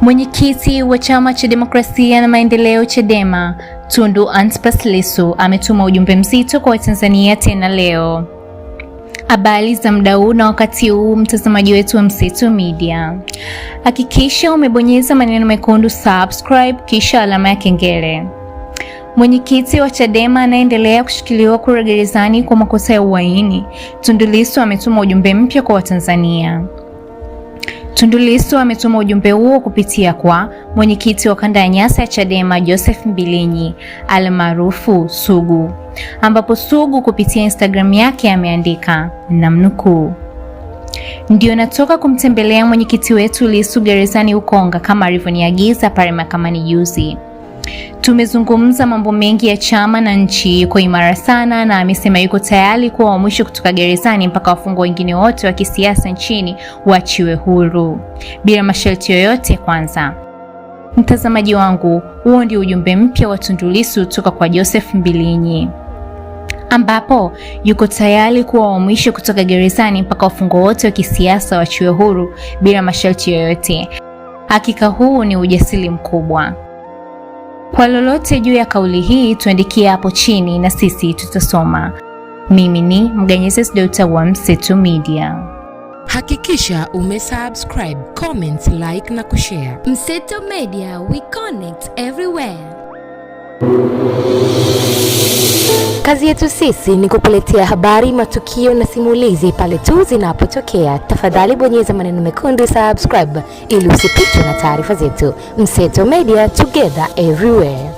Mwenyekiti wa Chama cha Demokrasia na Maendeleo Chadema, Tundu Antipas Lissu ametuma ujumbe mzito kwa Watanzania tena leo. Habari za muda huu na wakati huu, mtazamaji wetu wa Mseto Media, hakikisha umebonyeza maneno mekundu subscribe, kisha alama ya kengele. Mwenyekiti wa Chadema anaendelea kushikiliwa kura gerezani kwa makosa ya uhaini. Tundu Lissu ametuma ujumbe mpya kwa Watanzania. Tundu Lissu ametuma ujumbe huo kupitia kwa mwenyekiti wa kanda ya Nyasa ya Chadema Joseph Mbilinyi almaarufu Sugu, ambapo Sugu kupitia Instagram yake ameandika namnukuu: Ndiyo, natoka kumtembelea mwenyekiti wetu Lissu gerezani Ukonga kama alivyoniagiza pale mahakamani juzi. Tumezungumza mambo mengi ya Chama na nchi yuko imara sana, na amesema yuko tayari kuwa wa mwisho kutoka gerezani mpaka wafungwa wengine wote wa kisiasa nchini waachiwe huru bila masharti yoyote. Kwanza mtazamaji wangu, huo ndio ujumbe mpya wa Tundu Lissu toka kwa Joseph Mbilinyi ambapo yuko tayari kuwa wa mwisho kutoka gerezani mpaka wafungwa wote wa kisiasa waachiwe huru bila masharti yoyote. Hakika huu ni ujasiri mkubwa. Kwa lolote juu ya kauli hii tuandikie hapo chini na sisi tutasoma. Mimi ni Mganyeses Deuta wa Mseto Media. Hakikisha umesubscribe, comment, like na kushare. Mseto Media, we connect everywhere. Kazi yetu sisi ni kukuletea habari, matukio na simulizi pale tu zinapotokea. Tafadhali bonyeza maneno mekundu subscribe ili usipitwe na taarifa zetu. Mseto Media, together everywhere.